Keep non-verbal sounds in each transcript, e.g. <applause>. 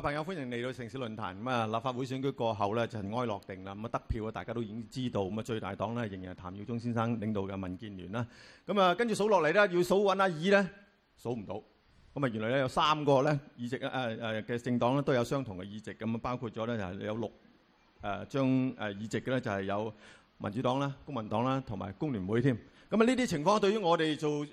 朋友歡迎嚟到城市論壇。咁啊，立法會選舉過後咧，塵埃落定啦。咁啊，得票啊，大家都已經知道。咁啊，最大黨咧仍然係譚耀宗先生領導嘅民建聯啦。咁啊，跟住數落嚟咧，要數揾阿二咧，數唔到。咁啊，原來咧有三個咧議席啊啊嘅政黨咧都有相同嘅議席。咁啊，包括咗咧就係、是、有六誒將誒議席嘅咧，就係、是、有民主黨啦、公民黨啦，同埋工聯會添。咁啊，呢啲情況對於我哋做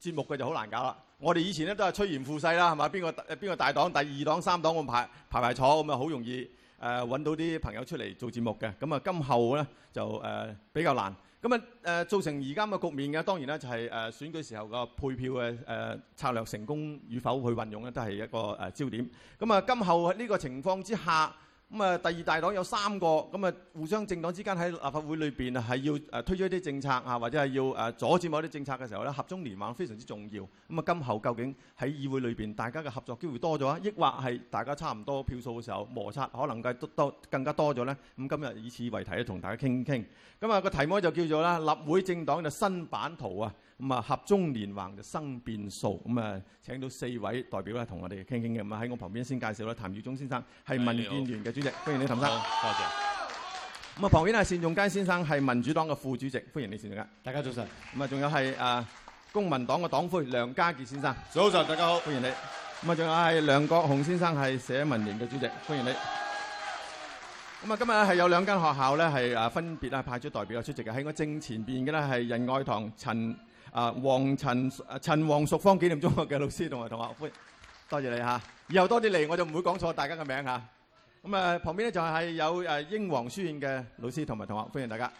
節目嘅就好難搞啦。我哋以前咧都係趨炎附勢啦，係嘛？邊個邊個大黨、第二黨、三黨，咁排排排坐咁啊，好容易誒揾、呃、到啲朋友出嚟做節目嘅。咁啊，今後咧就誒、呃、比較難。咁啊誒造成而家咁嘅局面嘅，當然咧就係、是、誒、呃、選舉時候個配票嘅誒、呃、策略成功與否去運用咧，都係一個誒、呃、焦點。咁啊，今後喺呢個情況之下。咁啊，第二大黨有三個，咁啊，互相政黨之間喺立法會裏邊啊，係要誒推出一啲政策啊，或者係要誒阻止某啲政策嘅時候咧，合縱連橫非常之重要。咁啊，今後究竟喺議會裏邊大家嘅合作機會多咗，抑或係大家差唔多票數嘅時候摩擦可能計都多更加多咗咧？咁今日以此為題咧，同大家傾傾。咁啊，個題目就叫做啦，立會政黨嘅新版圖啊，咁啊，合中連橫就生變數。咁啊，請到四位代表咧，同我哋傾傾嘅。咁啊，喺我旁邊先介紹咧，譚耀宗先生係民建聯嘅主席，歡迎你，譚生。好，多謝。咁啊，旁邊係單仲偕先生係民主黨嘅副主席，歡迎你，單仲偕。大家早晨。咁啊，仲有係啊公民黨嘅黨魁梁家傑先生。早晨，大家好，歡迎你。咁啊，仲有係梁國雄先生係社民連嘅主席，歡迎你。咁啊，今日係有兩間學校咧係啊分別啊派出代表嘅出席嘅，喺我正前邊嘅咧係仁愛堂陳。啊，黃、呃、陳啊，陳黃淑芳紀念中學嘅老師同埋同學，歡迎，多謝你嚇。以後多啲嚟，我就唔會講錯大家嘅名嚇。咁啊，旁邊咧就係有誒英皇書院嘅老師同埋同學，歡迎大家。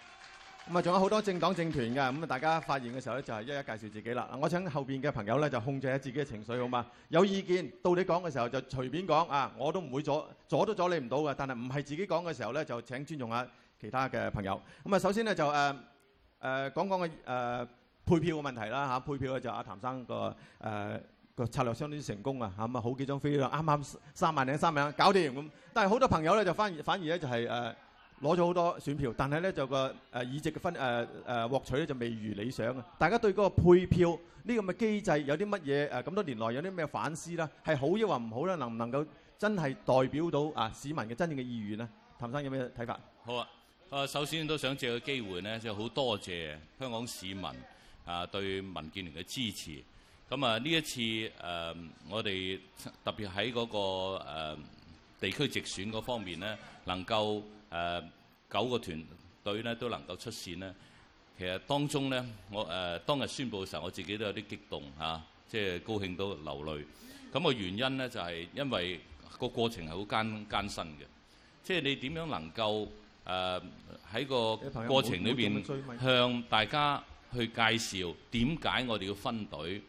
咁啊，仲有好多政黨政團嘅，咁啊，大家發言嘅時候咧，就係一一介紹自己啦。嗱，我請後邊嘅朋友咧，就控制下自己嘅情緒好嘛？有意見到你講嘅時候就隨便講啊，我都唔會阻阻都阻你唔到嘅。但係唔係自己講嘅時候咧，就請尊重下其他嘅朋友。咁啊，首先呢，就誒誒、呃呃、講講嘅誒。呃配票嘅問題啦嚇，配票咧就阿譚生個誒個策略相當之成功啊嚇。咁啊好幾張飛啦，啱啱三萬零三萬搞掂咁，但係好多朋友咧就反而反而咧就係誒攞咗好多選票，但係咧就個誒、呃、議席嘅分誒誒獲取咧就未如理想啊！大家對嗰個配票呢個嘅機制有啲乜嘢誒咁多年來有啲咩反思啦？係好抑或唔好咧？能唔能夠真係代表到啊、呃、市民嘅真正嘅意願呢？譚生有咩睇法？好啊！誒首先都想借個機會咧，就好多謝香港市民。啊，對民建聯嘅支持，咁啊呢一次誒、呃，我哋特別喺嗰、那個、呃、地區直選嗰方面咧，能夠誒、呃、九個團隊咧都能夠出線咧，其實當中咧，我誒、呃、當日宣佈嘅時候，我自己都有啲激動嚇，即、啊、係、就是、高興到流淚。咁、那個原因咧就係因為個過程係好艱艱辛嘅，即、就、係、是、你點樣能夠誒喺、呃、個過程裏邊向大家。去介紹點解我哋要分隊，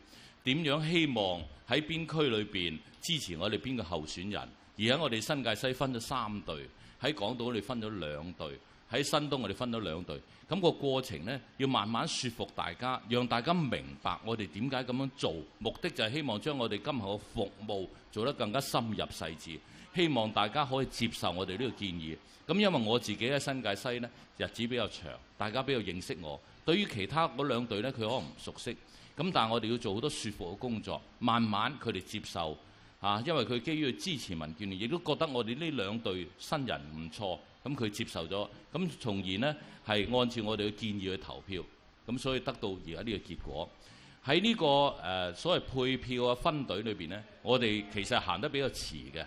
點樣希望喺邊區裏邊支持我哋邊個候選人？而喺我哋新界西分咗三隊，喺港島我哋分咗兩隊，喺新東我哋分咗兩隊。咁個過程呢，要慢慢説服大家，讓大家明白我哋點解咁樣做，目的就係希望將我哋今後嘅服務做得更加深入細緻，希望大家可以接受我哋呢個建議。咁因為我自己喺新界西呢，日子比較長，大家比較認識我。對於其他嗰兩隊呢，佢可能唔熟悉，咁但係我哋要做好多説服嘅工作，慢慢佢哋接受，嚇、啊，因為佢基於支持民建聯，亦都覺得我哋呢兩隊新人唔錯，咁佢接受咗，咁從而呢，係按照我哋嘅建議去投票，咁所以得到而家呢個結果。喺呢、這個誒、呃、所謂配票啊分隊裏邊呢，我哋其實行得比較遲嘅，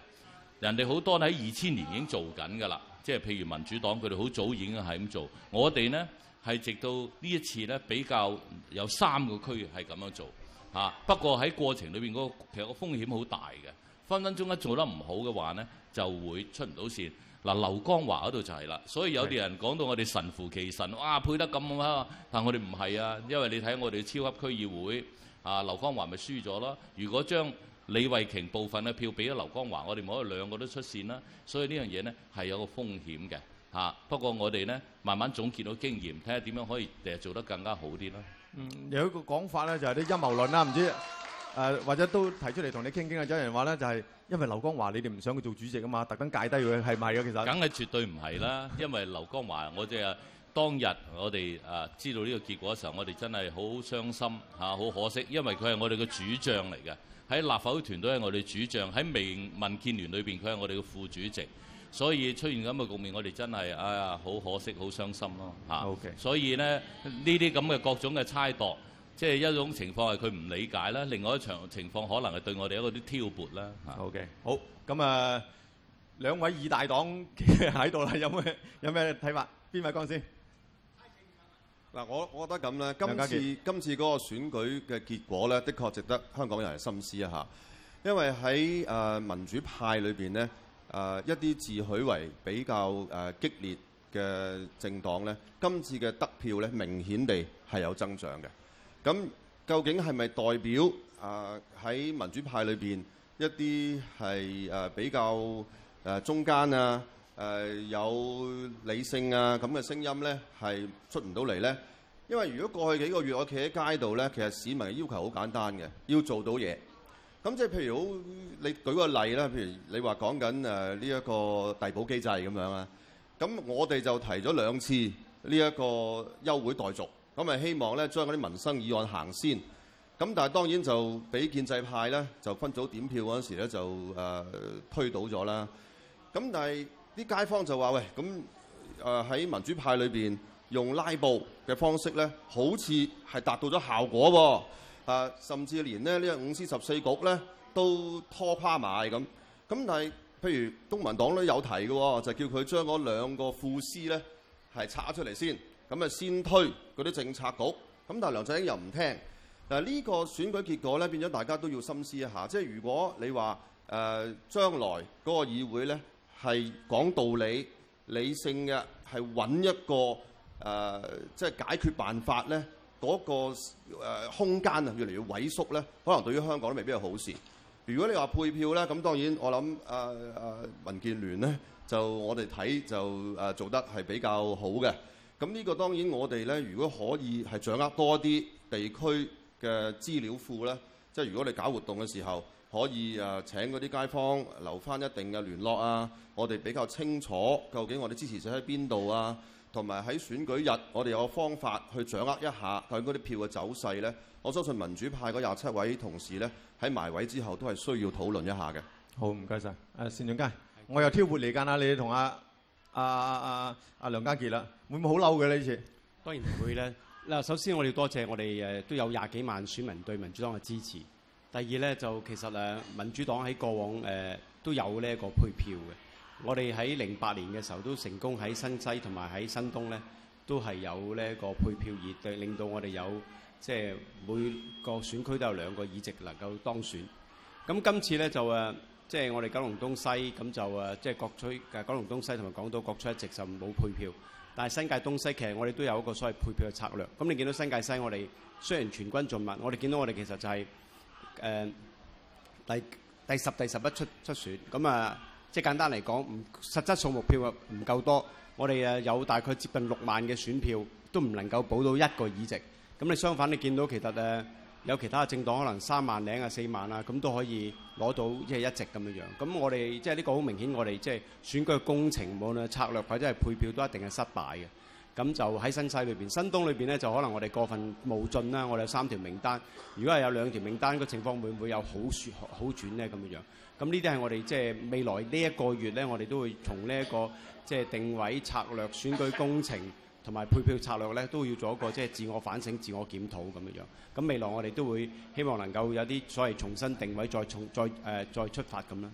人哋好多喺二千年已經做緊㗎啦，即係譬如民主黨佢哋好早已經係咁做，我哋呢。係直到呢一次咧，比較有三個區係咁樣做嚇、啊。不過喺過程裏邊嗰個其實個風險好大嘅，分分鐘一做得唔好嘅話咧，就會出唔到線。嗱、啊，劉江華嗰度就係啦。所以有啲人講到我哋神乎其神，哇配得咁啊！但我哋唔係啊，因為你睇我哋超級區議會啊，劉江華咪輸咗咯。如果將李慧瓊部分嘅票俾咗劉江華，我哋唔可以兩個都出線啦。所以這事呢樣嘢咧係有個風險嘅。嚇！不過我哋咧慢慢總結到經驗，睇下點樣可以誒做得更加好啲啦。嗯，有一個講法咧就係啲陰謀論啦、啊，唔知誒、呃、或者都提出嚟同你傾傾啊。有人話咧就係因為劉江華你哋唔想佢做主席啊嘛，特登解低佢係咪啊？其實梗係絕對唔係啦。因為劉江華我哋， <laughs> 我哋啊當日我哋啊知道呢個結果嘅時候，我哋真係好傷心嚇，好、啊、可惜，因為佢係我哋嘅主將嚟嘅，喺立法會團隊係我哋主將，喺民民建聯裏邊佢係我哋嘅副主席。所以出現咁嘅局面，我哋真係啊，好可惜，好傷心咯嚇。OK，所以咧，呢啲咁嘅各種嘅猜度，即係一種情況係佢唔理解啦，另外一場情況可能係對我哋一啲挑撥啦。嚇。O K，好，咁啊，兩位二大黨喺度啦，有咩有咩睇法？邊位講先？嗱，我我覺得咁啦，今次今次嗰個選舉嘅結果咧，的確值得香港人係深思一下，因為喺誒民主派裏邊咧。誒、呃、一啲自詡為比較誒、呃、激烈嘅政黨咧，今次嘅得票咧明顯地係有增長嘅。咁究竟係咪代表誒喺、呃、民主派裏邊一啲係誒比較誒、呃、中間啊誒、呃、有理性啊咁嘅聲音咧係出唔到嚟咧？因為如果過去幾個月我企喺街度咧，其實市民嘅要求好簡單嘅，要做到嘢。咁即係譬如好，你舉個例啦，譬如你話講緊誒呢一個遞補機制咁樣啊，咁我哋就提咗兩次呢一個休會待續，咁誒希望咧將嗰啲民生議案行先。咁但係當然就俾建制派咧，就分組點票嗰時咧就誒推倒咗啦。咁但係啲街坊就話喂，咁誒喺民主派裏面用拉布嘅方式咧，好似係達到咗效果喎。誒、啊，甚至連呢、這個、呢五司十四局咧都拖趴埋咁，咁但係譬如東民黨都有提嘅、哦，就叫佢將嗰兩個副司咧係拆出嚟先，咁啊先推嗰啲政策局，咁但係梁振英又唔聽。呢、啊這個選舉結果咧，變咗大家都要深思一下。即係如果你話誒將來嗰個議會咧係講道理、理性嘅，係揾一個誒、呃、即係解決辦法咧。嗰個空間啊，越嚟越萎縮咧，可能對於香港都未必係好事。如果你話配票咧，咁當然我諗誒、呃呃、民建聯咧，就我哋睇就、呃、做得係比較好嘅。咁呢個當然我哋咧，如果可以係掌握多啲地區嘅資料庫咧，即係如果你搞活動嘅時候。可以誒請嗰啲街坊留翻一定嘅聯絡啊！我哋比較清楚究竟我哋支持者喺邊度啊，同埋喺選舉日我哋有個方法去掌握一下佢嗰啲票嘅走勢咧。我相信民主派嗰廿七位同事咧喺埋位之後都係需要討論一下嘅。好，唔該晒，誒、啊，單仲偕，我又挑撥離間啊！你同阿阿阿阿梁家傑啦，會唔會好嬲嘅呢？次當然唔會咧。嗱， <laughs> 首先我哋多謝，謝我哋誒都有廿幾萬選民對民主黨嘅支持。第二咧就其實誒，民主黨喺過往誒、呃、都有呢一個配票嘅。我哋喺零八年嘅時候都成功喺新西同埋喺新東咧，都係有咧個配票熱，而令到我哋有即係、就是、每個選區都有兩個議席能夠當選。咁今次咧就誒、啊，即、就、係、是、我哋九龍東西咁就誒、啊，即係各出誒九龍東西同埋港島各出一席就冇配票。但係新界東西其實我哋都有一個所謂配票嘅策略。咁你見到新界西我哋雖然全軍盡墨，我哋見到我哋其實就係、是。誒、呃、第第十第十一出出選咁啊！即係簡單嚟講，唔實質數目票唔夠多，我哋誒有大概接近六萬嘅選票都唔能夠補到一個議席。咁你相反，你見到其實誒、呃、有其他政黨可能三萬零啊四萬啊，咁都可以攞到即係、就是、一席咁嘅樣。咁我哋即係呢個好明顯，我哋即係選舉嘅工程無論策略或者係配票都一定係失敗嘅。咁就喺新西裏邊，新東裏邊咧就可能我哋過份冒進啦。我哋有三條名單，如果係有兩條名單，個情況會唔會有好轉好轉咧？咁樣樣，咁呢啲係我哋即係未來呢一個月咧，我哋都會從呢一個即係、就是、定位策略、選舉工程同埋配票策略咧，都要做一個即係、就是、自我反省、自我檢討咁樣樣。咁未來我哋都會希望能夠有啲所謂重新定位、再重再誒、呃、再出發咁啦。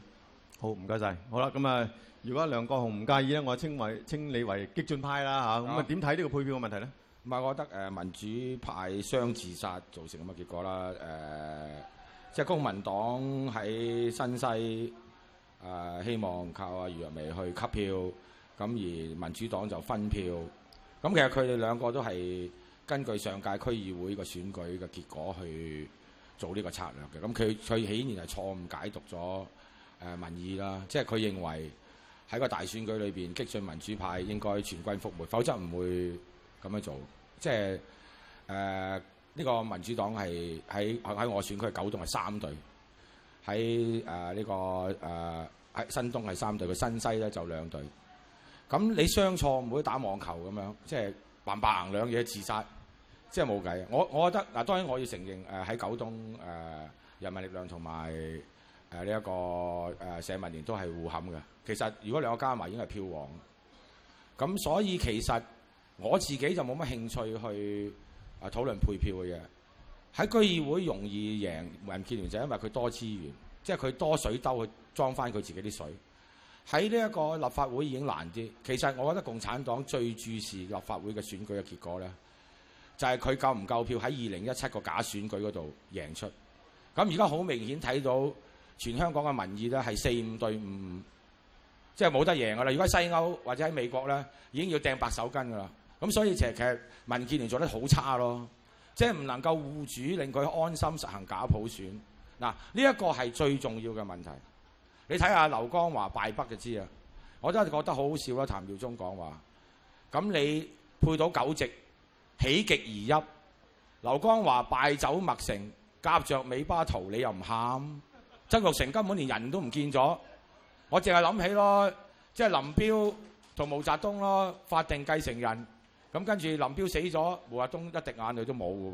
好，唔該晒，好啦，咁啊。如果梁國雄唔介意咧，我稱為稱你為激進派啦嚇，咁啊，點睇呢個配票嘅問題咧？唔係，我覺得誒民主派雙自殺造成咁嘅結果啦。誒，即係公民黨喺新西啊，希望靠阿余若薇去吸票，咁而民主黨就分票。咁其實佢哋兩個都係根據上屆區議會嘅選舉嘅結果去做呢個策略嘅。咁佢佢顯然係錯誤解讀咗誒民意啦，即係佢認為。喺個大選舉裏邊激進民主派應該全軍覆沒，否則唔會咁樣做。即係誒呢個民主黨係喺喺我選區九東係三隊，喺誒呢個誒喺新東係三隊，佢新西咧就兩隊。咁你雙錯唔會打網球咁樣，即係嘭嘭兩嘢自殺，即係冇計。我我覺得嗱，當然我要承認誒喺、呃、九東、呃、人民力量同埋。誒呢一個誒、啊、社民連都係互冚嘅。其實如果兩個加埋已經係票王咁，所以其實我自己就冇乜興趣去誒討論配票嘅嘢，喺居議會容易贏民建聯，就係因為佢多資源，即係佢多水兜去裝翻佢自己啲水。喺呢一個立法會已經難啲。其實我覺得共產黨最注視立法會嘅選舉嘅結果咧，就係、是、佢夠唔夠票喺二零一七個假選舉嗰度贏出咁。而家好明顯睇到。全香港嘅民意咧係四五對五，即係冇得贏㗎啦。如果喺西歐或者喺美國咧，已經要掟白手巾㗎啦。咁所以其實其實民建聯做得好差咯，即係唔能夠護主，令佢安心實行假普選。嗱，呢一個係最重要嘅問題。你睇下劉江華敗北就知啦。我真係覺得好好笑啦。譚耀宗講話，咁你配到九席，喜極而泣。劉江華敗走麥城，夾着尾巴逃，你又唔喊？曾鈺成根本連人都唔見咗，我淨係諗起咯，即係林彪同毛澤東咯，法定繼承人，咁跟住林彪死咗，毛澤東一滴眼淚都冇嘅喎，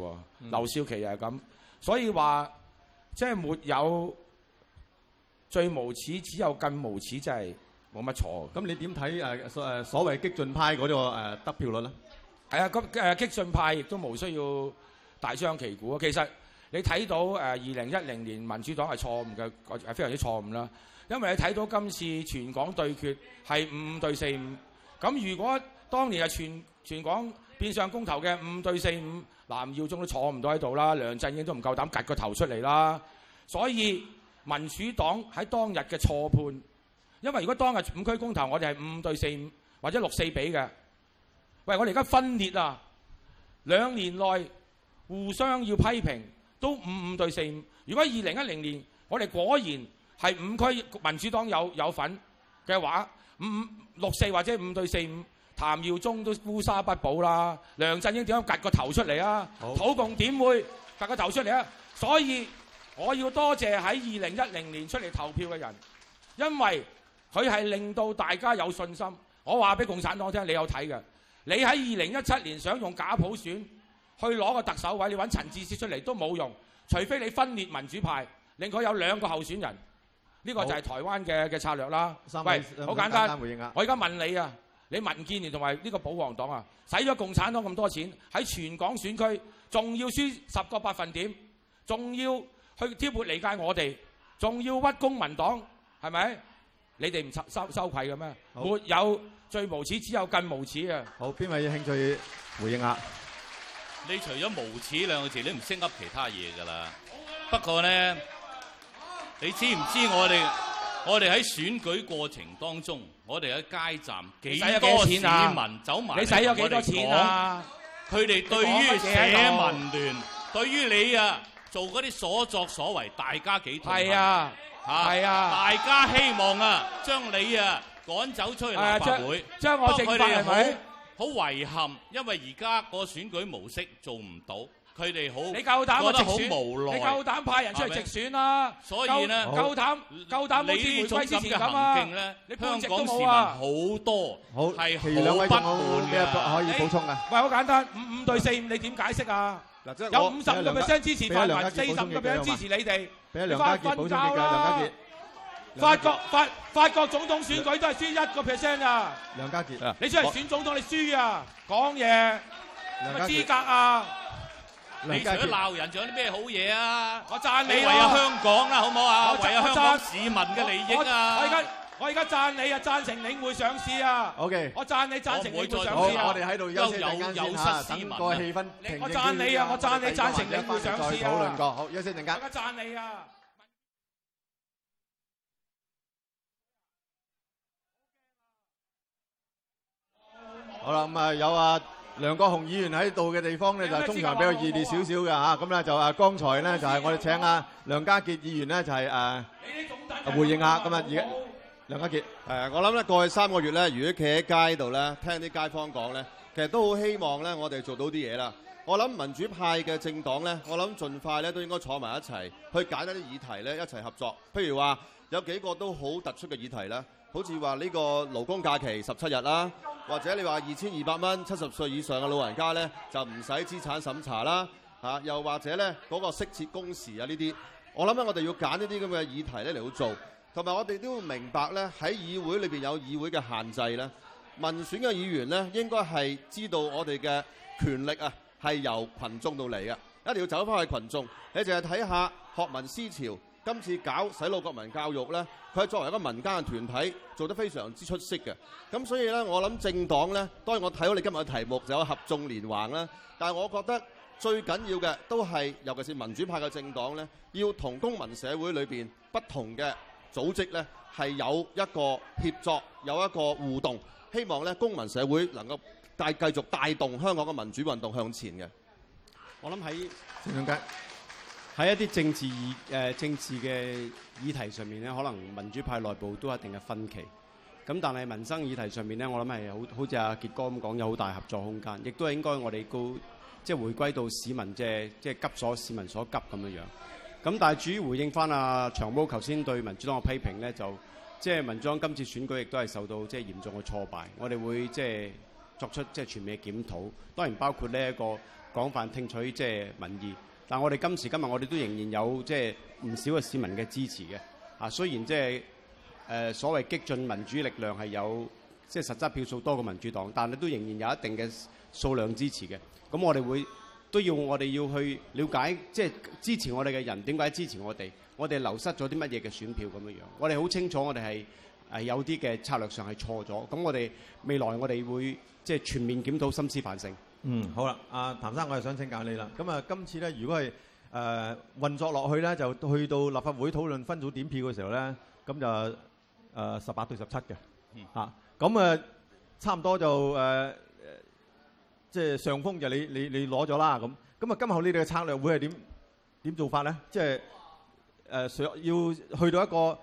劉、嗯、少奇又係咁，所以話即係沒有最無恥，只有更無恥，即係冇乜錯。咁你點睇誒誒所謂、啊、激進派嗰啲誒得票率咧？係啊，咁誒激進派亦都冇需要大張旗鼓啊，其實。你睇到誒二零一零年民主黨係錯誤嘅，係非常之錯誤啦。因為你睇到今次全港對決係五對四五，咁如果當年係全全港變相公投嘅五對四五，譚耀宗都坐唔到喺度啦，梁振英都唔夠膽擳個頭出嚟啦。所以民主黨喺當日嘅錯判，因為如果當日五區公投我哋係五對四五或者六四比嘅，喂，我哋而家分裂啊，兩年內互相要批評。都五五對四五，如果二零一零年我哋果然係五區民主黨有有份嘅話，五五六四或者五對四五，譚耀宗都烏紗不保啦，梁振英點樣擳個頭出嚟啊？好土共點會擳個頭出嚟啊？所以我要多謝喺二零一零年出嚟投票嘅人，因為佢係令到大家有信心。我話俾共產黨聽，你有睇嘅，你喺二零一七年想用假普選？去攞個特首位，你揾陳智思出嚟都冇用，除非你分裂民主派，令佢有兩個候選人，呢、這個就係台灣嘅嘅策略啦。喂，好簡單，簡單回應我而家問你啊，你民建聯同埋呢個保皇黨啊，使咗共產黨咁多錢喺全港選區，仲要輸十個百分點，仲要去挑撥離間我哋，仲要屈公民黨，係咪？你哋唔羞羞愧嘅咩？好沒有最無恥，只有更無恥嘅、啊。好，邊位有興趣，回應下。你除咗無恥兩個字，你唔識噏其他嘢㗎啦。不過咧，你知唔知我哋我哋喺選舉過程當中，我哋喺街站幾多市民走埋嚟講，你使咗幾多錢啊？佢哋對於社民聯，對於你啊，做嗰啲所作所為，大家幾痛恨啊！係啊，係啊！大家希望啊，將你啊趕走出立法會，將我正法係咪？好遺憾，因為而家個選舉模式做唔到，佢哋好覺得好無奈。你夠膽派人出嚟直選啦？所以夠膽夠膽冇錢支持嘅行徑咧，你香港半席都冇啊？好多好，係餘兩位政府官員可以補充啊？喂，好簡單，五五對四五，你點解釋啊？有五十個 percent 支持範圍，四十個 percent 支持你哋，你翻分爭啦！法國法法國總統選舉都係輸一個 percent 啊！梁家傑，你出嚟選總統你輸啊！講嘢有乜資格啊？梁家傑，你除咗鬧人仲有啲咩好嘢啊？我讚你，你為咗香港啦，好唔好啊？我為咗香港市民嘅利益啊！我而家我而家讚你啊！贊成領匯上市啊！O K，我讚你贊成領匯上市啊！好，我哋喺度休息陣間先吓，等個氣氛停一啲。我讚你啊！我讚你贊成領匯上市啊！大家讚你啊！好啦，咁啊有啊梁國雄議員喺度嘅地方咧，就通常比較熱烈少少嘅嚇，咁咧就啊剛才咧就係我哋請啊梁家傑議員咧就係誒、啊、回應下咁啊而家梁家傑誒、啊，我諗咧過去三個月咧，如果企喺街度咧，聽啲街坊講咧，其實都好希望咧，我哋做到啲嘢啦。我諗民主派嘅政黨咧，我諗盡快咧都應該坐埋一齊去解一啲議題咧，一齊合作。譬如話有幾個都好突出嘅議題咧。好似話呢個勞工假期十七日啦，或者你話二千二百蚊七十歲以上嘅老人家呢，就唔使資產審查啦，啊、又或者呢嗰、嗰個適切工時啊呢啲，我諗咧我哋要揀呢啲咁嘅議題呢嚟到做，同埋我哋都要明白呢，喺議會裏面有議會嘅限制呢，民選嘅議員呢應該係知道我哋嘅權力啊係由群眾到嚟嘅，一定要走翻去群眾，你淨係睇下學民思潮。今次搞洗腦國民教育呢佢係作為一個民間嘅團體，做得非常之出色嘅。咁所以呢，我諗政黨呢，當然我睇到你今日嘅題目就有合縱連橫啦。但係我覺得最緊要嘅都係，尤其是民主派嘅政黨呢，要同公民社會裏面不同嘅組織呢，係有一個協作，有一個互動，希望呢，公民社會能夠帶繼續帶動香港嘅民主運動向前嘅。我諗喺正向基。喺一啲政治議誒、呃、政治嘅議題上面咧，可能民主派內部都有一定嘅分歧。咁但係民生議題上面咧，我諗係好好似阿傑哥咁講，有好大合作空間。亦都係應該我哋高，即、就、係、是、回歸到市民嘅即係急所，市民所急咁樣樣。咁但係至於回應翻阿、啊、長毛頭先對民主黨嘅批評咧，就即係、就是、民主黨今次選舉亦都係受到即係嚴重嘅挫敗。我哋會即、就、係、是、作出即係全面嘅檢討，當然包括呢一個廣泛聽取即係民意。但我哋今時今日，我哋都仍然有即係唔少嘅市民嘅支持嘅。啊，雖然即係所謂激進民主力量係有即係實質票數多過民主黨，但係都仍然有一定嘅數量支持嘅。咁我哋會都要我哋要去了解，即係支持我哋嘅人點解支持我哋？我哋流失咗啲乜嘢嘅選票咁樣樣我哋好清楚，我哋係有啲嘅策略上係錯咗。咁我哋未來我哋會即係全面檢討，深思反省。嗯，好啦，阿譚生，我又想請教你啦。咁啊，今次咧，如果係誒運作落去咧，就去到立法會討論分組點票嘅時候咧，咁就誒十八對十七嘅，嚇。咁啊，差唔多就誒，即係上風就你你你攞咗啦。咁，咁啊，今後你哋嘅策略會係點點做法咧？即係誒想要去到一個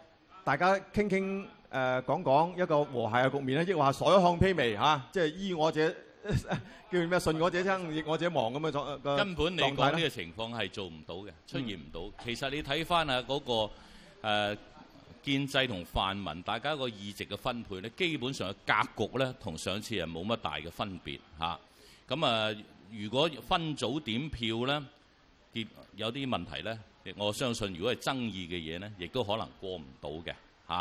大家傾傾誒講講一個和諧嘅局面咧，亦話所向披靡嚇，即係依我者。 <laughs> 叫咩？信我者生，逆我者亡咁嘅狀。根本你講呢個情況係做唔到嘅，出現唔到。嗯、其實你睇翻啊嗰個、呃、建制同泛民大家個議席嘅分配咧，基本上嘅格局咧，同上次係冇乜大嘅分別嚇。咁啊，啊，如果分組點票咧，結有啲問題咧，我相信如果係爭議嘅嘢咧，亦都可能過唔到嘅嚇。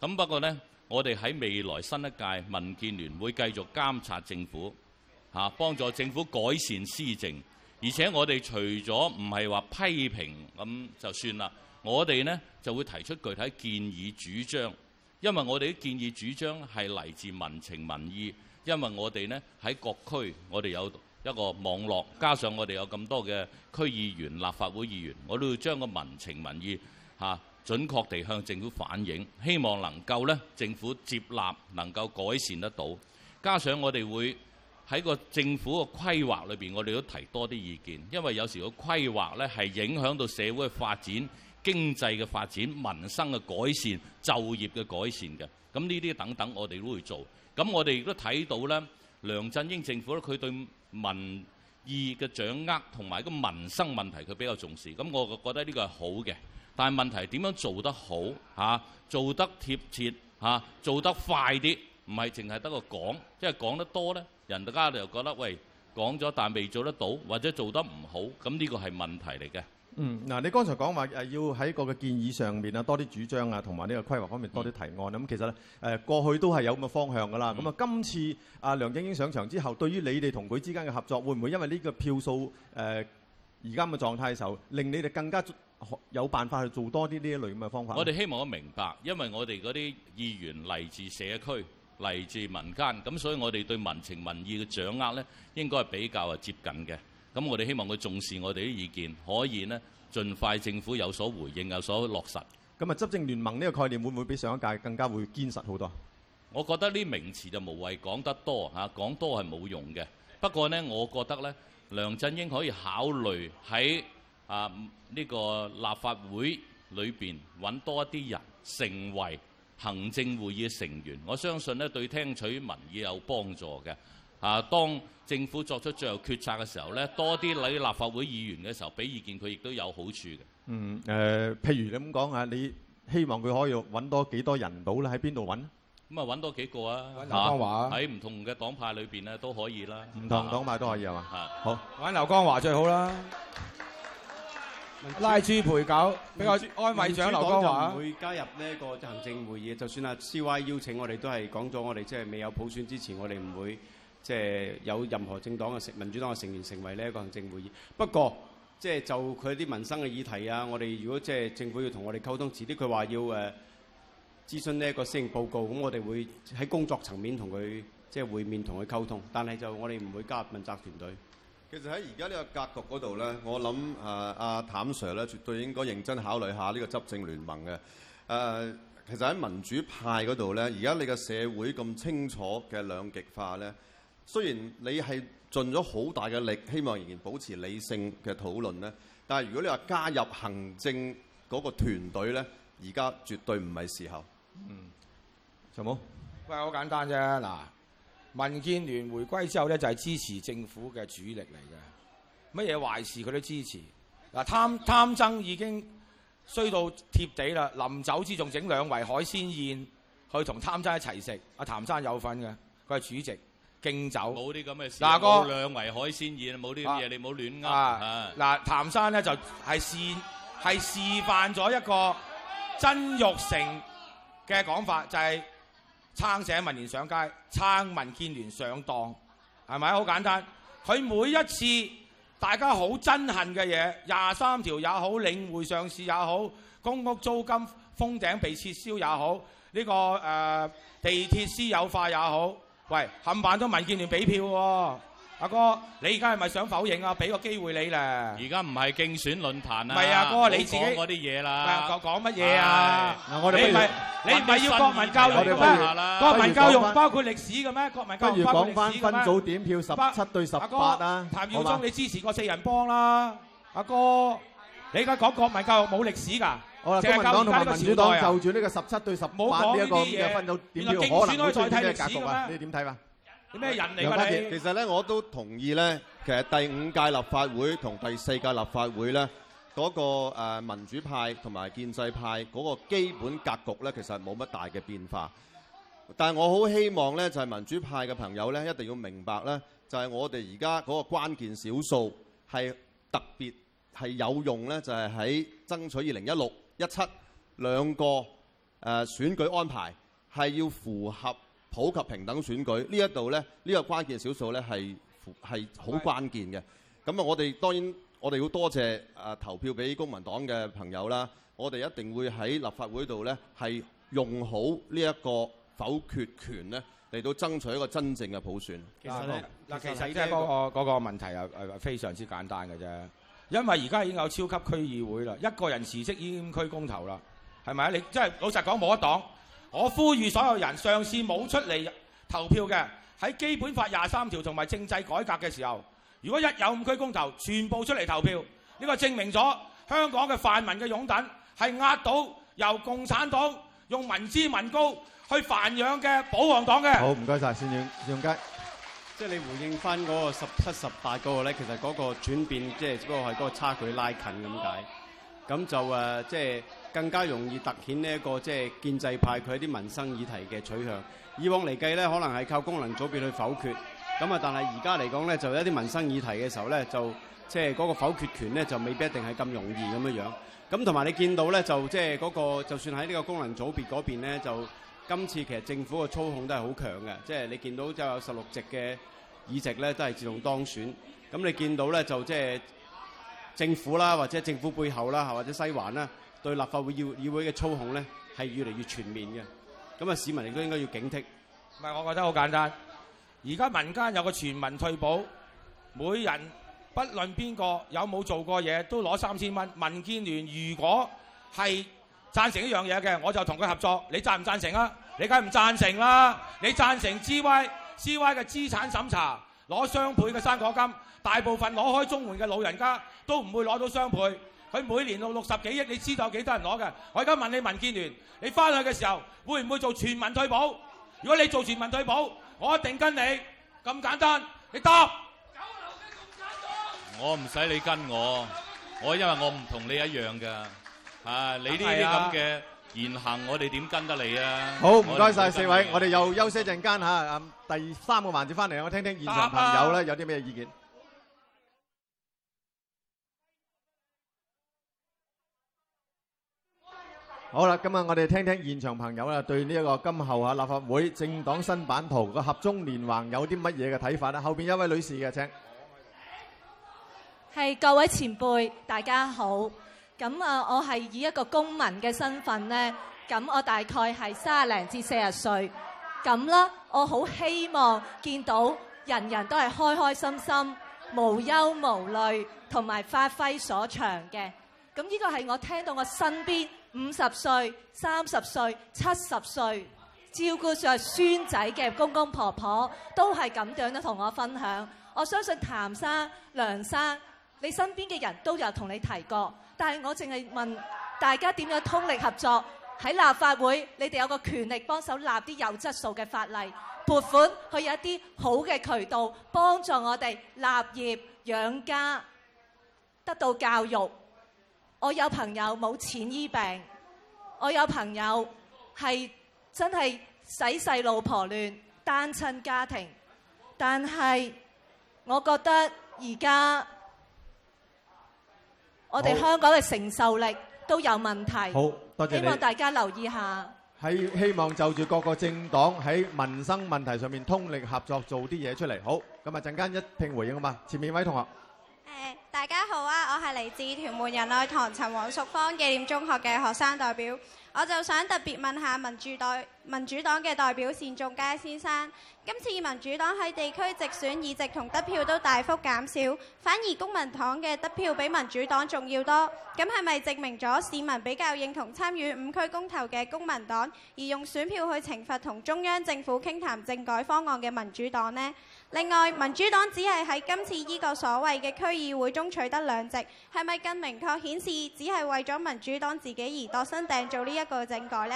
咁、啊、不過咧。我哋喺未來新一屆民建聯會繼續監察政府，嚇，幫助政府改善施政，而且我哋除咗唔係話批評咁就算啦，我哋呢就會提出具體建議主張，因為我哋嘅建議主張係嚟自民情民意，因為我哋呢喺各區我哋有一個網絡，加上我哋有咁多嘅區議員、立法會議員，我都要將個民情民意嚇。啊準確地向政府反映，希望能夠呢政府接納，能夠改善得到。加上我哋會喺個政府嘅規劃裏邊，我哋都提多啲意見，因為有時個規劃咧係影響到社會嘅發展、經濟嘅發展、民生嘅改善、就業嘅改善嘅。咁呢啲等等，我哋都會做。咁我哋亦都睇到咧，梁振英政府咧，佢對民意嘅掌握同埋個民生問題，佢比較重視。咁我覺得呢個係好嘅。但係問題點樣做得好嚇、啊？做得貼切嚇、啊？做得快啲，唔係淨係得個講，即係講得多咧，人哋家就又覺得喂講咗，但係未做得到，或者做得唔好，咁呢個係問題嚟嘅。嗯，嗱、啊，你剛才講話誒要喺個嘅建議上面啊，多啲主張啊，同埋呢個規劃方面多啲提案啊，咁、嗯、其實咧誒過去都係有咁嘅方向㗎啦。咁啊、嗯，今次阿梁振英上場之後，對於你哋同佢之間嘅合作，會唔會因為呢個票數誒而家咁嘅狀態嘅時候，令你哋更加？有辦法去做多啲呢一類咁嘅方法。我哋希望佢明白，因為我哋嗰啲議員嚟自社區、嚟自民間，咁所以我哋對民情民意嘅掌握呢應該係比較係接近嘅。咁我哋希望佢重視我哋啲意見，可以呢盡快政府有所回應、有所落實。咁啊，執政聯盟呢個概念會唔會比上一屆更加會堅實好多？我覺得呢名詞就無謂講得多嚇，啊，講多係冇用嘅。不過呢，我覺得呢梁振英可以考慮喺。啊！呢、這個立法會裏邊揾多啲人成為行政會議成員，我相信咧對聽取民意有幫助嘅。啊，當政府作出最後決策嘅時候咧，多啲嚟立法會議員嘅時候俾意見佢，亦都有好處嘅。嗯，誒、呃，譬如你咁講啊，你希望佢可以揾多幾多人到咧？喺邊度揾？咁啊，揾多幾個啊，劉江華喺唔同嘅黨派裏邊咧都可以啦。唔同黨派都可以係嘛？係是好揾劉江華最好啦。拉豬陪狗，畀我安慰獎。劉江華，民主黨就唔會加入呢一個行政會議。啊、就算阿 C Y 邀請我哋，都係講咗我哋即係未有普選之前，我哋唔會即係有任何政黨嘅成民主黨嘅成員成為呢一個行政會議。不過，即係就佢啲民生嘅議題啊，我哋如果即係政府要同我哋溝通，遲啲佢話要誒、啊、諮詢呢一個施政報告，咁我哋會喺工作層面同佢即係會面同佢溝通。但係就我哋唔會加入問責團隊。其實喺而家呢個格局嗰度咧，我諗啊，阿、啊、譚 Sir 咧，絕對應該認真考慮下呢個執政聯盟嘅。誒、啊，其實喺民主派嗰度咧，而家你嘅社會咁清楚嘅兩極化咧，雖然你係盡咗好大嘅力，希望仍然保持理性嘅討論咧，但係如果你話加入行政嗰個團隊咧，而家絕對唔係時候。嗯。長毛。喂，好簡單啫，嗱。民建聯回歸之後咧，就係、是、支持政府嘅主力嚟嘅。乜嘢壞事佢都支持。嗱，貪貪曾已經衰到貼地啦。臨走之，仲整兩圍海鮮宴去同貪曾一齊食。阿譚生有份嘅，佢係主席，敬酒冇啲咁嘅事。嗱哥，嗰兩圍海鮮宴冇啲咁嘢，沒啊、你唔好亂噏。嗱、啊啊啊，譚生咧就係、是、示係示範咗一個曾鈺成嘅講法，就係、是。撐社民連上街，撐民建聯上當，係咪？好簡單，佢每一次大家好憎恨嘅嘢，廿三條也好，領匯上市也好，公屋租金封頂被撤銷也好，呢、這個誒、呃、地鐵私有化也好，喂，冚唪唥都民建聯俾票，哦。阿哥，你而家係咪想否認啊？俾個機會你咧。而家唔係競選論壇啊。唔係阿哥，你自己嗰啲嘢啦。講講乜嘢啊？你唔係你唔係要國民教育嘅咩？國民教育包括歷史嘅咩？國民教育包括歷史嘅咩？不如講翻分組點票十七對十八啊！譚耀宗，你支持過四人幫啦。阿哥，你而家講國民教育冇歷史㗎？即係公民黨同埋民主黨就住呢個十七對十八呢一個嘅分組點票，可能會代替歷史嘅咩？你點睇啊？咩人嚟㗎你？其實咧，我都同意咧。其實第五屆立法會同第四屆立法會咧，嗰個誒民主派同埋建制派嗰個基本格局咧，其實冇乜大嘅變化。但係我好希望咧，就係民主派嘅朋友咧，一定要明白咧，就係我哋而家嗰個關鍵少數係特別係有用咧，就係喺爭取二零一六一七兩個誒選舉安排係要符合。普及平等選舉呢一度呢，呢、這個關鍵少數呢，係係好關鍵嘅。咁的啊，我哋當然我哋要多謝啊投票俾公民黨嘅朋友啦。我哋一定會喺立法會度呢，係用好呢一個否決權呢，嚟到爭取一個真正嘅普選。其實咧嗱好其實咧嗰、那個嗰、這個、問題啊係非常之簡單嘅啫。因為而家已經有超級區議會啦，一個人辭職已經區公投啦，係咪啊你即、就、係、是、老實講冇一黨。我呼籲所有人上次冇出嚟投票嘅，喺基本法廿三條同埋政制改革嘅時候，如果一有五區公投，全部出嚟投票，呢個證明咗香港嘅泛民嘅擁躉係壓到由共產黨用民脂民膏去繁養嘅保皇黨嘅。好，唔該晒，孫永孫永佳。即係你回應翻嗰個十七十八嗰個咧，其實嗰個轉變，即係只不過係嗰個差距拉近咁解。咁就誒，即係更加容易突顯呢一個即係建制派佢一啲民生議題嘅取向。以往嚟計咧，可能係靠功能組別去否決。咁啊，但係而家嚟講咧，就一啲民生議題嘅時候咧，就即係嗰個否決權咧，就未必一定係咁容易咁樣樣。咁同埋你見到咧，就即係嗰個，就算喺呢個功能組別嗰邊咧，就今次其實政府嘅操控都係好強嘅。即係你見到就有十六席嘅議席咧，都係自動當選。咁你見到咧，就即係。就是政府啦，或者政府背後啦，吓，或者西環啦，對立法會議議會嘅操控咧，係越嚟越全面嘅。咁啊，市民亦都應該要警惕。唔係，我覺得好簡單，而家民間有個全民退保，每人不論邊個有冇做過嘢，都攞三千蚊。民建聯如果係贊成一樣嘢嘅，我就同佢合作。你贊唔贊成啊？你梗係唔贊成啦！你贊成 GY, CY 嘅資產審查，攞雙倍嘅生果金。大部分攞開綜援嘅老人家都唔會攞到雙倍，佢每年六六十幾億，你知道有幾多人攞嘅？我而家問你民建聯，你翻去嘅時候會唔會做全民退保？如果你做全民退保，我一定跟你，咁簡單，你答。九樓嘅咁簡單，我唔使你跟我，我因為我唔同你一樣嘅，啊，你呢啲咁嘅言行，我哋點跟得你啊？好，唔該晒四位，我哋又休息陣間嚇，第三個環節翻嚟，我聽聽現場朋友咧有啲咩意見。好啦，咁啊，我哋聽聽現場朋友咧對呢一個今後啊立法會政黨新版圖個合縱連橫有啲乜嘢嘅睇法咧？後邊一位女士嘅，請。係各位前輩，大家好。咁啊，我係以一個公民嘅身份咧，咁我大概係三十零至四十歲。咁啦，我好希望見到人人都係開開心心、無憂無慮，同埋發揮所長嘅。咁呢個係我聽到我身邊。五十歲、三十歲、七十歲，照顧着孫仔嘅公公婆婆，都係咁樣咧同我分享。我相信譚生、梁生，你身邊嘅人都有同你提過。但係我淨係問大家點樣通力合作喺立法會？你哋有個權力幫手立啲有質素嘅法例，撥款去一啲好嘅渠道幫助我哋立業、養家、得到教育。我有朋友冇錢醫病，我有朋友係真係洗曬老婆亂、單親家庭。但係我覺得而家我哋香港嘅承受力都有問題。好多謝你，希望大家留意一下。喺希望就住各個政黨喺民生問題上面通力合作，做啲嘢出嚟。好，咁啊陣間一聽回應啊嘛，前面位同學。大家好啊！我係嚟自屯門仁愛堂陳黃淑芳紀念中學嘅學生代表，我就想特別問下民主代、民主黨嘅代表單仲偕先生，今次民主黨喺地區直選議席同得票都大幅減少，反而公民黨嘅得票比民主黨仲要多，咁係咪證明咗市民比較認同參與五區公投嘅公民黨，而用選票去懲罰同中央政府傾談政改方案嘅民主黨呢？另外，民主黨只係喺今次呢個所謂嘅區議會中取得兩席，係咪更明確顯示只係為咗民主黨自己而度身訂做呢一個政改呢？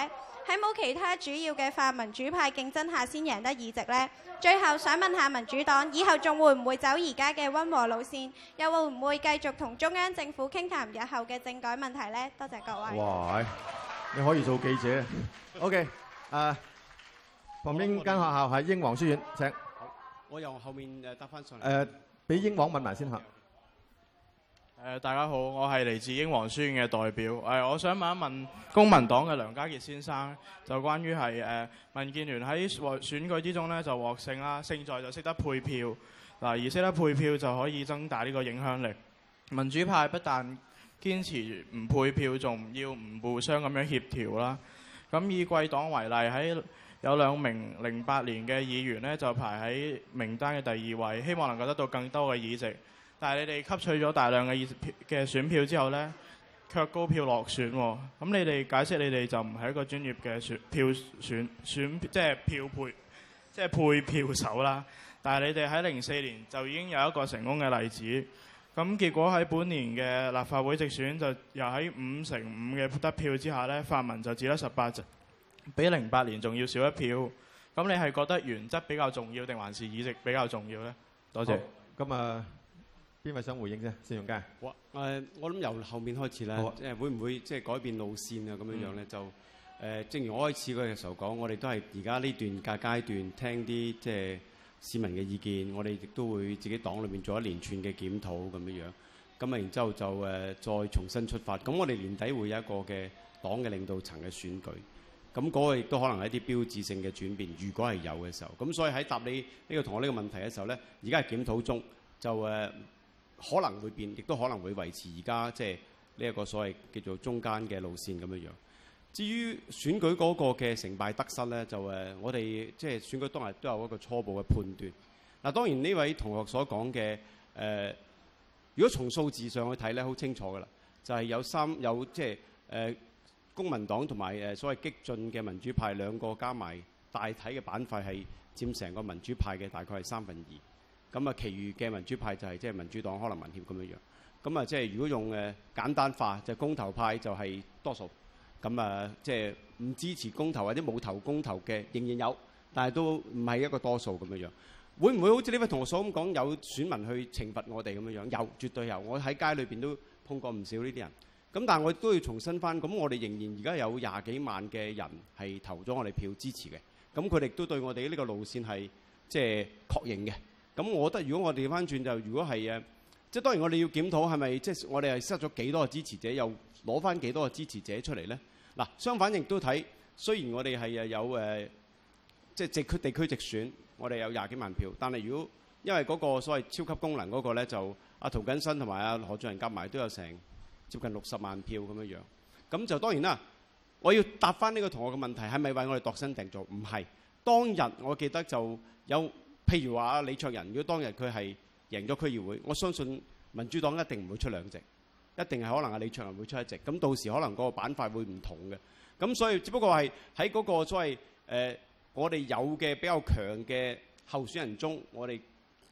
喺冇其他主要嘅泛民主派競爭下先贏得議席呢？最後想問下民主黨，以後仲會唔會走而家嘅溫和路線？又會唔會繼續同中央政府傾談，談日後嘅政改問題呢？多謝各位。哇，你可以做記者。OK，誒，uh，旁邊間學校係英皇書院，請。我由後面誒答翻上嚟。誒、啊，俾英皇問埋先嚇。誒、啊，大家好，我係嚟自英皇書院嘅代表。誒、啊，我想問一問公民黨嘅梁家傑先生，就關於係誒、啊、民建聯喺選舉之中咧，就獲勝啦，勝在就識得配票。嗱，而識得配票就可以增大呢個影響力。民主派不但堅持唔配票，仲要唔互相咁樣協調啦。咁以貴黨為例喺。有兩名零八年嘅議員咧，就排喺名單嘅第二位，希望能夠得到更多嘅議席。但係你哋吸取咗大量嘅議票嘅選票之後呢，卻高票落選喎。咁你哋解釋你哋就唔係一個專業嘅票選選，即係票配，即係配票手啦。但係你哋喺零四年就已經有一個成功嘅例子。咁結果喺本年嘅立法會直選就又喺五成五嘅得票之下呢，泛民就只得十八席。比零八年仲要少一票，咁你係覺得原則比較重要，定還是議席比較重要咧？多謝。咁、oh. 啊，邊位想回應啫？單仲偕。好啊、呃。我諗由後面開始啦，即係、啊、會唔會即係、就是、改變路線啊？咁樣樣咧就誒、呃，正如我開始嗰陣時候講，我哋都係而家呢段嘅階段聽啲即係市民嘅意見，我哋亦都會自己黨裏面做一連串嘅檢討咁樣樣。咁啊，然之後就誒、呃、再重新出發。咁我哋年底會有一個嘅黨嘅領導層嘅選舉。咁嗰個亦都可能係一啲標誌性嘅轉變，如果係有嘅時候。咁所以喺答你呢個同學呢個問題嘅時候咧，而家係檢討中，就誒、啊、可能會變，亦都可能會維持而家即係呢一個所謂叫做中間嘅路線咁樣樣。至於選舉嗰個嘅成敗得失咧，就誒我哋即係選舉當日都有一個初步嘅判斷。嗱、啊、當然呢位同學所講嘅誒、呃，如果從數字上去睇咧，好清楚噶啦，就係、係、有三有即係誒。就係呃公民黨同埋誒所謂激進嘅民主派兩個加埋大體嘅板塊係佔成個民主派嘅大概係三分二，咁啊，其餘嘅民主派就係即係民主黨可能民協咁樣樣，咁啊，即係如果用誒簡單化，就公投派就係多數，咁啊，即係唔支持公投或者冇投公投嘅仍然有，但係都唔係一個多數咁樣樣。會唔會好似呢位同學所咁講，有選民去懲罰我哋咁樣樣？有，絕對有。我喺街裏邊都碰過唔少呢啲人。咁但係我都要重申翻，咁我哋仍然而家有廿幾萬嘅人係投咗我哋票支持嘅，咁佢哋都對我哋呢個路線係即係確認嘅。咁我覺得如果我哋翻轉就，如果係誒，即係當然我哋要檢討係咪即係我哋係失咗幾多個支持者，又攞翻幾多個支持者出嚟咧？嗱，相反亦都睇，雖然我哋係誒有誒，即係直區地區直選，我哋有廿幾萬票，但係如果因為嗰個所謂超級功能嗰個咧，就阿涂謹申同埋阿何俊仁夾埋都有成。接近六十萬票咁樣樣，咁就當然啦。我要答翻呢個同學嘅問題，係咪為我哋度身訂造？唔係。當日我記得就有，譬如話李卓人，如果當日佢係贏咗區議會，我相信民主黨一定唔會出兩席，一定係可能阿李卓人會出一席。咁到時可能個板塊會唔同嘅，咁所以只不過係喺嗰個所謂誒我哋有嘅比較強嘅候選人中，我哋。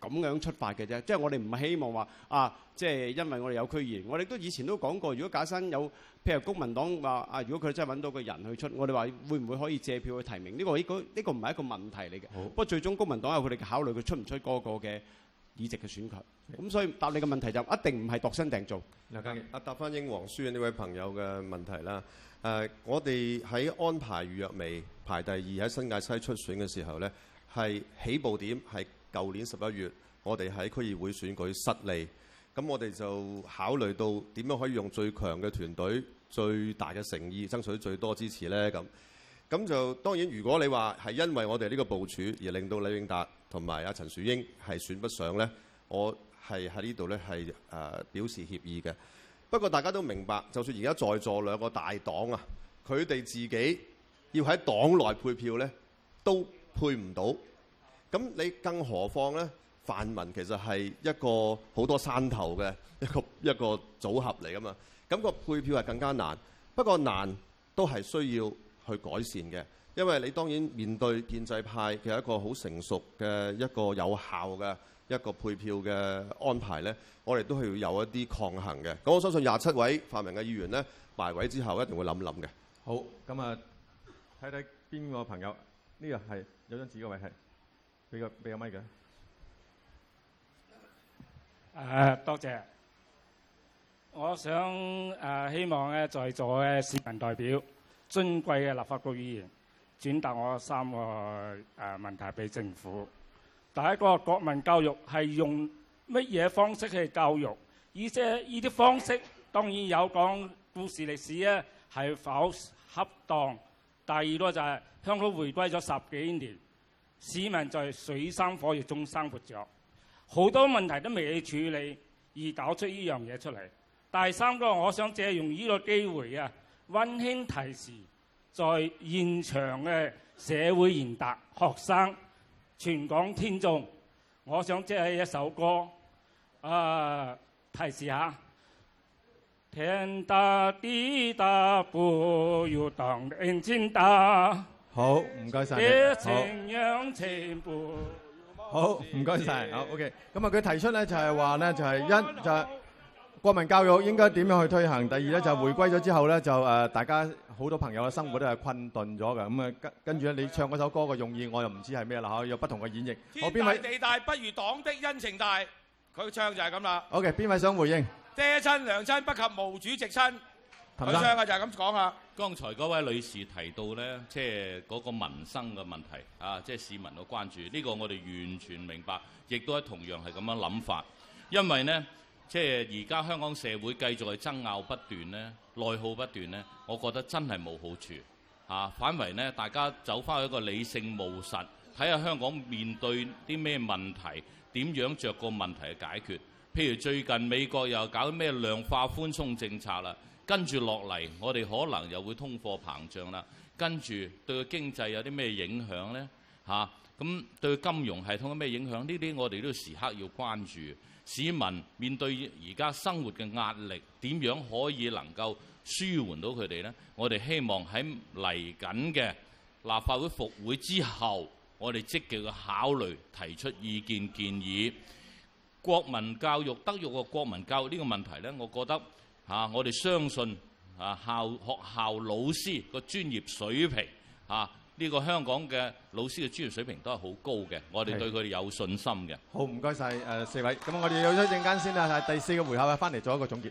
咁樣出發嘅啫，即係我哋唔係希望話啊，即係因為我哋有區議員，我哋都以前都講過。如果假設有，譬如公民黨話啊，如果佢真係揾到個人去出，我哋話會唔會可以借票去提名？呢個呢個呢個唔係一個問題嚟嘅。不過最終公民黨有佢哋嘅考慮，佢出唔出個個嘅議席嘅選舉？咁所以答你嘅問題就一定唔係度身訂造。阿家傑，阿答翻英皇書院呢位朋友嘅問題啦。誒，我哋喺安排余若薇排第二喺新界西出選嘅時候咧，係起步點係。舊年十一月，我哋喺區議會選舉失利，咁我哋就考慮到點樣可以用最強嘅團隊、最大嘅誠意爭取最多支持呢？咁咁就當然，如果你話係因為我哋呢個部署而令到李永達同埋阿陳樹英係選不上呢，我係喺呢度呢係誒表示歉意嘅。不過大家都明白，就算而家在，在座兩個大黨啊，佢哋自己要喺黨內配票呢，都配唔到。咁你更何況呢？泛民其實係一個好多山頭嘅一個一個組合嚟噶嘛。咁個配票係更加難，不過難都係需要去改善嘅。因為你當然面對建制派嘅一個好成熟嘅一個有效嘅一個配票嘅安排呢，我哋都係要有一啲抗衡嘅。咁我相信廿七位泛民嘅議員呢，埋位之後一定會諗諗嘅。好，咁啊，睇睇邊個朋友呢個係有張紙嘅位係。畀個畀個咪㗎？誒、啊，多謝。我想誒、啊，希望咧，在座嘅市民代表、尊貴嘅立法局議員，轉達我三個誒、啊、問題俾政府。第一個，國民教育係用乜嘢方式去教育？依些依啲方式，當然有講故事歷史咧，係否恰當？第二個就係、是、香港回歸咗十幾年。市民在水深火熱中生活着，好多問題都未去處理，而搞出呢樣嘢出嚟。第三個我想借用呢個機會啊，溫馨提示在現場嘅社會賢達、學生、全港聽眾，我想借係一首歌啊、呃、提示一下。聽得啲打不要當認真打。好，唔該曬你。好，唔該曬。好，OK。咁啊，佢提出咧就係話咧就係一就係國民教育應該點樣去推行，第二咧就係回歸咗之後咧就誒大家好多朋友嘅生活都係困頓咗嘅。咁啊跟跟住咧你唱嗰首歌嘅用意，我又唔知係咩啦。嗬，有不同嘅演繹。好，邊位？天大地大不如黨的恩情大，佢唱就係咁啦。OK，邊位想回應？爹親娘親不及毛主席親。唔得，就係咁講啊。剛才嗰位女士提到呢，即係嗰個民生嘅問題啊，即係市民嘅關注，呢個我哋完全明白，亦都係同樣係咁樣諗法。因為呢，即係而家香港社會繼續係爭拗不斷呢，內耗不斷呢，我覺得真係冇好處啊。反為呢，大家走翻去一個理性務實，睇下香港面對啲咩問題，點樣着個問題去解決。譬如最近美國又搞咩量化寬鬆政策啦。跟住落嚟，我哋可能又會通貨膨脹啦。跟住對個經濟有啲咩影響咧？吓、啊，咁對金融系統有咩影響呢？呢啲我哋都時刻要關注。市民面對而家生活嘅壓力，點樣可以能夠舒緩到佢哋咧？我哋希望喺嚟緊嘅立法會復會之後，我哋積極嘅考慮提出意見建議。國民教育、德育嘅國民教育呢個問題咧，我覺得。啊！我哋相信啊，校學校老師個專業水平，啊，呢個香港嘅老師嘅專業水平都係好高嘅，我哋對佢哋有信心嘅。好，唔該晒誒四位，咁我哋有咗陣間先啦，第四個回合啊，翻嚟做一個總結。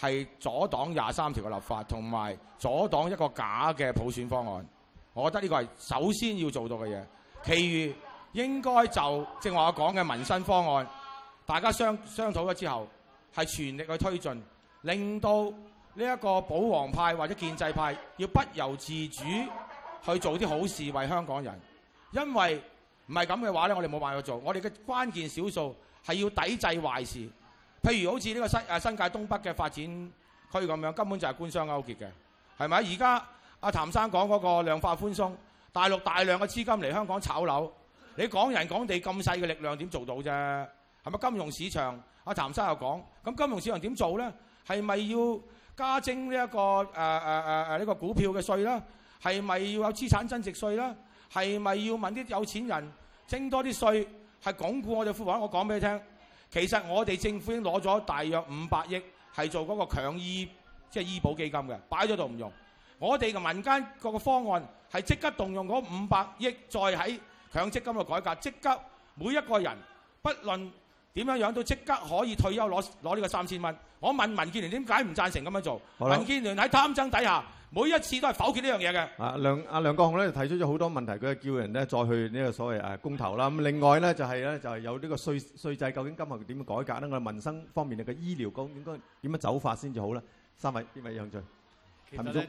係阻擋廿三條嘅立法，同埋阻擋一個假嘅普選方案。我覺得呢個係首先要做到嘅嘢，其餘應該就正話我講嘅民生方案，大家商商討咗之後，係全力去推進，令到呢一個保皇派或者建制派，要不由自主去做啲好事為香港人。因為唔係咁嘅話呢，我哋冇辦法去做。我哋嘅關鍵少數係要抵制壞事。譬如好似呢個新誒新界東北嘅發展區咁樣，根本就係官商勾結嘅，係咪？而家阿譚生講嗰個量化寬鬆，大陸大量嘅資金嚟香港炒樓，你講港人港地咁細嘅力量點做到啫？係咪金融市場？阿譚生又講，咁金融市場點做咧？係咪要加徵呢一個誒誒誒誒呢個股票嘅稅咧？係咪要有資產增值稅咧？係咪要問啲有錢人徵多啲稅，係鞏固我哋富華？我講俾你聽。其實我哋政府已經攞咗大約五百億，係做嗰個強醫，即係醫保基金嘅，擺咗度唔用。我哋嘅民間個個方案係即刻動用嗰五百億，再喺強積金嘅改革，即刻每一個人，不論點樣樣，都即刻可以退休攞攞呢個三千蚊。我問民建聯點解唔贊成咁樣做？了民建聯喺貪曾底下。每一次都係否決呢樣嘢嘅。啊梁啊梁國雄咧就提出咗好多問題，佢就叫人咧再去呢個所謂啊公投啦。咁另外咧就係咧就係有呢個稅稅制究竟今後點樣改革咧？我哋民生方面嘅醫療公應該點樣走法先至好咧？三位邊位有興趣？其實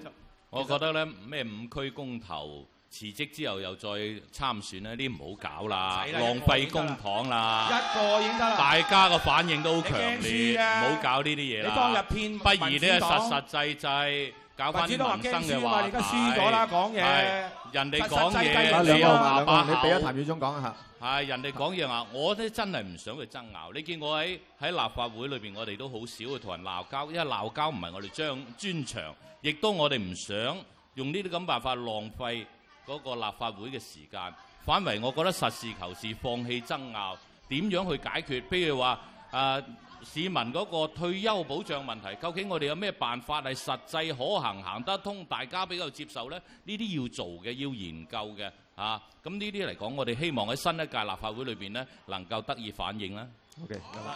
我覺得咧咩五區公投辭職之後又再參選咧，呢啲唔好搞啦，浪費公帑啦，一個已經得啦。大家個反應都好強烈，唔好搞呢啲嘢啦。你當日騙民，不如咧實實際際。民主黨話驚先嘛，而家輸咗啦，講嘢，人哋講嘢，你又牙伯，你俾阿譚耀宗講一下。係人哋講嘢啊，我都真係唔想去爭拗。你見我喺喺立法會裏邊，我哋都好少去同人鬧交，因為鬧交唔係我哋專專長，亦都我哋唔想用呢啲咁辦法浪費嗰個立法會嘅時間。反為我覺得實事求是，放棄爭拗，點樣去解決？譬如話啊。市民嗰個退休保障問題，究竟我哋有咩辦法係實際可行、行得通、大家比較接受咧？呢啲要做嘅，要研究嘅嚇。咁呢啲嚟講，我哋希望喺新一屆立法會裏邊咧，能夠得以反映啦。O Okay , K、啊。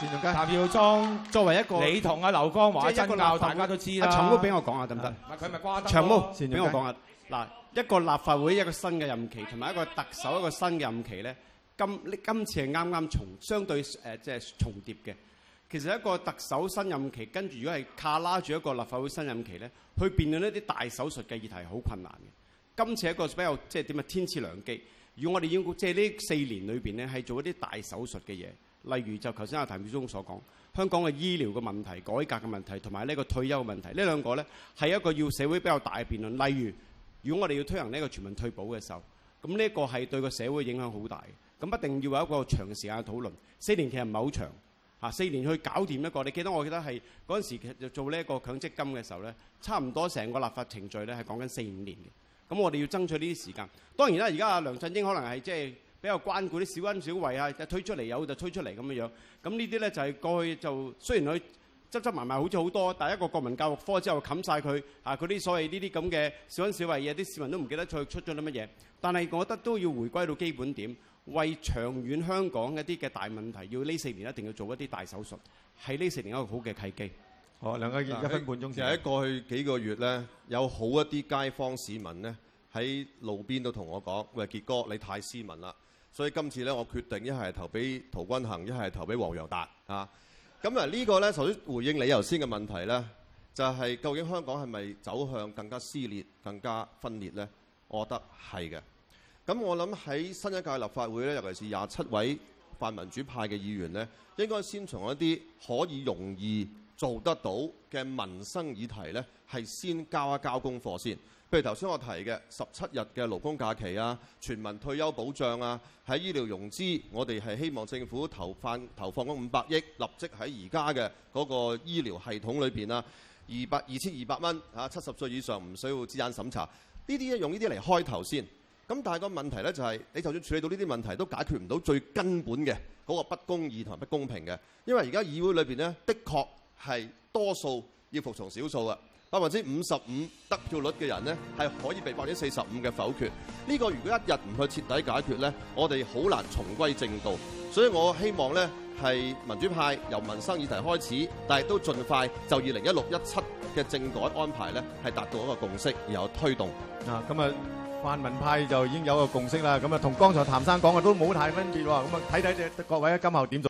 單仲偕。耀但 莊，作為一個你同阿、啊、劉江華，即係一個大家都知啦。長毛俾我講下得唔得？佢長毛俾我講下。嗱，一個立法會一個新嘅任期，同埋一個特首一個新嘅任期咧。今今次係啱啱重，相對誒、呃、即係重疊嘅。其實一個特首新任期跟住，如果係卡拉住一個立法會新任期咧，去辯論一啲大手術嘅議題係好困難嘅。今次一個比較即係點啊，天賜良機，如果我哋要即係呢四年裏邊咧係做一啲大手術嘅嘢，例如就頭先阿譚耀宗所講，香港嘅醫療嘅問題、改革嘅問題同埋呢個退休嘅問題，兩呢兩個咧係一個要社會比較大嘅辯論。例如，如果我哋要推行呢個全民退保嘅時候，咁呢個係對個社會影響好大咁一定要有一個長時間嘅討論。四年其實唔係好長嚇，四年去搞掂一個。你記得我記得係嗰陣時就做呢一個強積金嘅時候咧，差唔多成個立法程序咧係講緊四五年嘅。咁我哋要爭取呢啲時間。當然啦，而家啊梁振英可能係即係比較關顧啲小恩小惠啊，就推出嚟有就推出嚟咁樣樣。咁呢啲咧就係過去就雖然佢執執埋埋好似好多，但係一個國民教育科之後冚曬佢嚇，嗰啲所謂呢啲咁嘅小恩小惠嘢，啲市民都唔記得再出咗啲乜嘢。但係我覺得都要回歸到基本點。為長遠香港一啲嘅大問題，要呢四年一定要做一啲大手術，係呢四年一個好嘅契機。好、哦，梁家傑一分半鐘。其實喺過去幾個月呢，有好一啲街坊市民呢喺路邊都同我講：喂，傑哥，你太斯文啦！所以今次呢，我決定一係投俾陶君行，一係投俾黃洋達啊。咁啊，呢、這個呢，首先回應你頭先嘅問題呢，就係、是、究竟香港係咪走向更加撕裂、更加分裂呢？我覺得係嘅。咁我諗喺新一屆立法會咧，尤其是廿七位泛民主派嘅議員咧，應該先從一啲可以容易做得到嘅民生議題咧，係先交一交功課先。譬如頭先我提嘅十七日嘅勞工假期啊，全民退休保障啊，喺醫療融資，我哋係希望政府投放嗰五百億，立即喺而家嘅嗰個醫療系統裏邊啊，二百二千二百蚊啊，七十歲以上唔需要資產審查，呢啲用呢啲嚟開頭先。咁但係個問題呢，就係，你就算處理到呢啲問題，都解決唔到最根本嘅嗰個不公義同埋不公平嘅，因為而家議會裏面呢，的確係多數要服從少數嘅，百分之五十五得票率嘅人呢，係可以被百分之四十五嘅否決。呢個如果一日唔去徹底解決呢，我哋好難重歸正道。所以我希望呢，係民主派由民生議題開始，但係都盡快就二零一六一七嘅政改安排呢，係達到一個共識，然後推動。嗱、啊，今日。泛民派就已經有個共識啦，咁啊同剛才譚生講嘅都冇太分別喎，咁啊睇睇即係各位啊，今後點做？